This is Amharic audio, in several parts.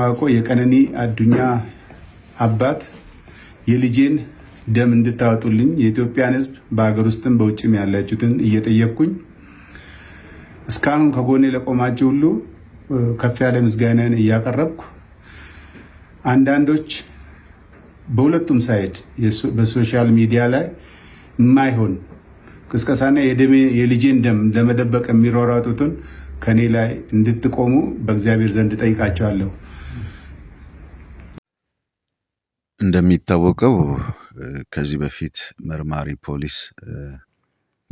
ዋቆ የቀነኒ አዱኛ አባት የልጄን ደም እንድታወጡልኝ የኢትዮጵያን ሕዝብ በሀገር ውስጥም በውጭም ያላችሁትን እየጠየቅኩኝ እስካሁን ከጎኔ ለቆማችሁ ሁሉ ከፍ ያለ ምስጋናን እያቀረብኩ አንዳንዶች በሁለቱም ሳይድ በሶሻል ሚዲያ ላይ የማይሆን ቅስቀሳና የደሜ የልጄን ደም ለመደበቅ የሚሯሯጡትን ከኔ ላይ እንድትቆሙ በእግዚአብሔር ዘንድ ጠይቃቸዋለሁ። እንደሚታወቀው ከዚህ በፊት መርማሪ ፖሊስ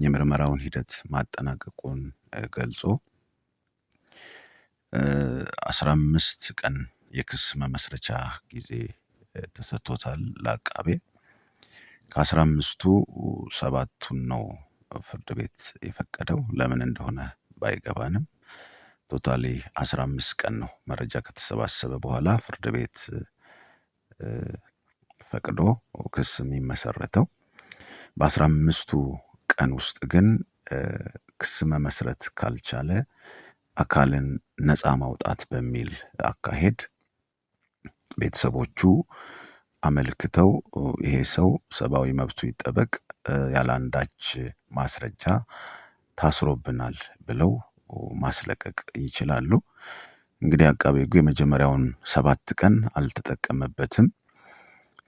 የምርመራውን ሂደት ማጠናቀቁን ገልጾ አስራ አምስት ቀን የክስ መመስረቻ ጊዜ ተሰጥቶታል። ለአቃቤ ከአስራ አምስቱ ሰባቱን ነው ፍርድ ቤት የፈቀደው ለምን እንደሆነ ባይገባንም ቶታሊ አስራ አምስት ቀን ነው መረጃ ከተሰባሰበ በኋላ ፍርድ ቤት ፈቅዶ ክስ የሚመሰረተው በአስራ አምስቱ ቀን ውስጥ ግን ክስ መመስረት ካልቻለ አካልን ነፃ ማውጣት በሚል አካሄድ ቤተሰቦቹ አመልክተው ይሄ ሰው ሰብአዊ መብቱ ይጠበቅ ያለአንዳች ማስረጃ ታስሮብናል ብለው ማስለቀቅ ይችላሉ። እንግዲህ አቃቤ ሕጉ የመጀመሪያውን ሰባት ቀን አልተጠቀመበትም።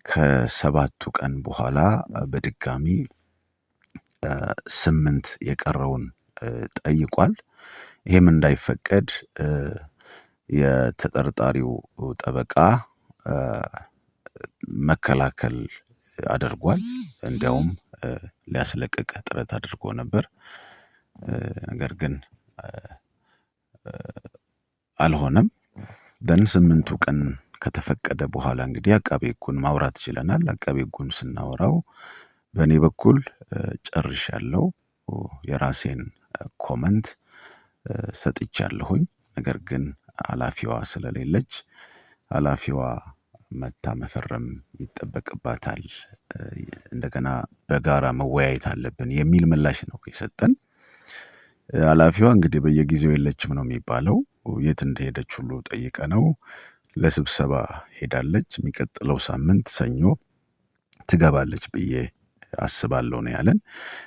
ከሰባቱ ቀን በኋላ በድጋሚ ስምንት የቀረውን ጠይቋል። ይህም እንዳይፈቀድ የተጠርጣሪው ጠበቃ መከላከል አድርጓል። እንዲያውም ሊያስለቅቅ ጥረት አድርጎ ነበር። ነገር ግን አልሆነም። ደን ስምንቱ ቀን ከተፈቀደ በኋላ እንግዲህ አቃቤ ህጉን ማውራት ችለናል። አቃቤ ህጉን ስናወራው በእኔ በኩል ጨርሻለሁ። የራሴን ኮመንት ሰጥቻለሁኝ። ነገር ግን ኃላፊዋ ስለሌለች ኃላፊዋ መታ መፈረም ይጠበቅባታል፣ እንደገና በጋራ መወያየት አለብን የሚል ምላሽ ነው የሰጠን። ኃላፊዋ እንግዲህ በየጊዜው የለችም ነው የሚባለው። የት እንደሄደች ሁሉ ጠይቀ ነው ለስብሰባ ሄዳለች የሚቀጥለው ሳምንት ሰኞ ትገባለች ብዬ አስባለሁ ነው ያለን።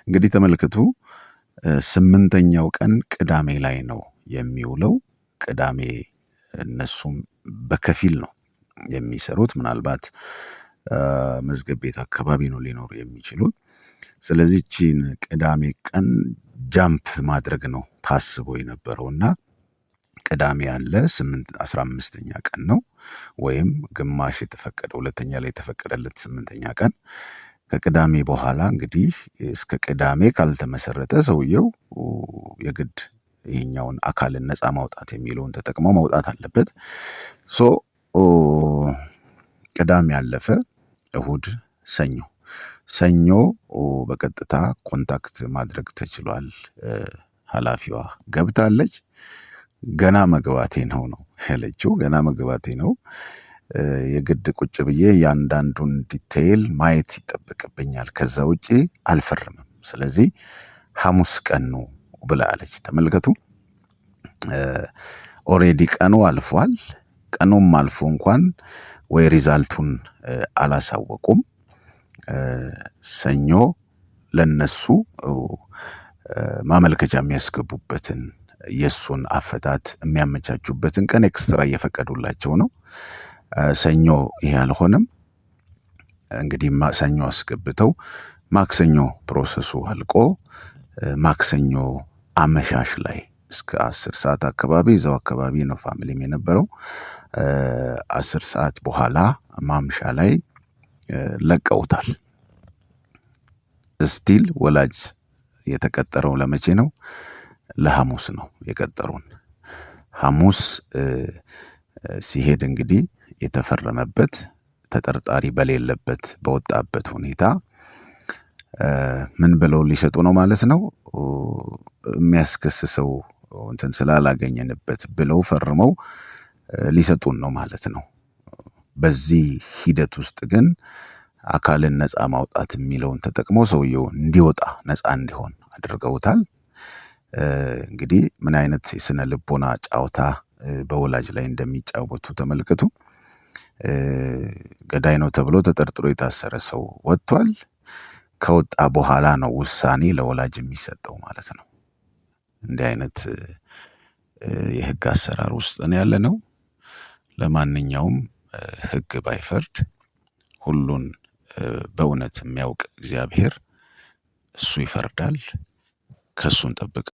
እንግዲህ ተመልክቱ፣ ስምንተኛው ቀን ቅዳሜ ላይ ነው የሚውለው። ቅዳሜ እነሱም በከፊል ነው የሚሰሩት። ምናልባት መዝገብ ቤት አካባቢ ነው ሊኖሩ የሚችሉት። ስለዚህ ቅዳሜ ቀን ጃምፕ ማድረግ ነው ታስቦ የነበረውና ቅዳሜ አለ ስምንት አስራ አምስተኛ ቀን ነው ወይም ግማሽ የተፈቀደ ሁለተኛ ላይ የተፈቀደለት ስምንተኛ ቀን ከቅዳሜ በኋላ እንግዲህ እስከ ቅዳሜ ካልተመሰረተ ሰውየው የግድ ይህኛውን አካልን ነፃ ማውጣት የሚለውን ተጠቅሞ ማውጣት አለበት። ሶ ቅዳሜ ያለፈ እሁድ፣ ሰኞ ሰኞ በቀጥታ ኮንታክት ማድረግ ተችሏል። ኃላፊዋ ገብታለች። ገና መግባቴ ነው ነው ያለችው። ገና መግባቴ ነው የግድ ቁጭ ብዬ የአንዳንዱን ዲቴይል ማየት ይጠበቅብኛል። ከዛ ውጪ አልፈርምም። ስለዚህ ሐሙስ ቀን ነው አለች። ተመልከቱ፣ ኦሬዲ ቀኑ አልፏል። ቀኑም አልፎ እንኳን ወይ ሪዛልቱን አላሳወቁም። ሰኞ ለነሱ ማመልከቻ የሚያስገቡበትን የእሱን አፈታት የሚያመቻቹበትን ቀን ኤክስትራ እየፈቀዱላቸው ነው። ሰኞ ይሄ አልሆነም። እንግዲህ ሰኞ አስገብተው ማክሰኞ ፕሮሰሱ አልቆ ማክሰኞ አመሻሽ ላይ እስከ አስር ሰዓት አካባቢ እዛው አካባቢ ነው ፋሚሊም የነበረው። አስር ሰዓት በኋላ ማምሻ ላይ ለቀውታል። እስቲል ወላጅ የተቀጠረው ለመቼ ነው? ለሐሙስ ነው የቀጠሩን። ሐሙስ ሲሄድ እንግዲህ የተፈረመበት ተጠርጣሪ በሌለበት በወጣበት ሁኔታ ምን ብለው ሊሰጡ ነው ማለት ነው? የሚያስከስሰው እንትን ስላላገኘንበት ብለው ፈርመው ሊሰጡን ነው ማለት ነው። በዚህ ሂደት ውስጥ ግን አካልን ነፃ ማውጣት የሚለውን ተጠቅሞ ሰውየው እንዲወጣ ነፃ እንዲሆን አድርገውታል። እንግዲህ ምን አይነት የስነ ልቦና ጨዋታ በወላጅ ላይ እንደሚጫወቱ ተመልከቱ። ገዳይ ነው ተብሎ ተጠርጥሮ የታሰረ ሰው ወጥቷል። ከወጣ በኋላ ነው ውሳኔ ለወላጅ የሚሰጠው ማለት ነው። እንዲህ አይነት የህግ አሰራር ውስጥ ነው ነው። ለማንኛውም ህግ ባይፈርድ ሁሉን በእውነት የሚያውቅ እግዚአብሔር እሱ ይፈርዳል። ከእሱን ጠብቅ።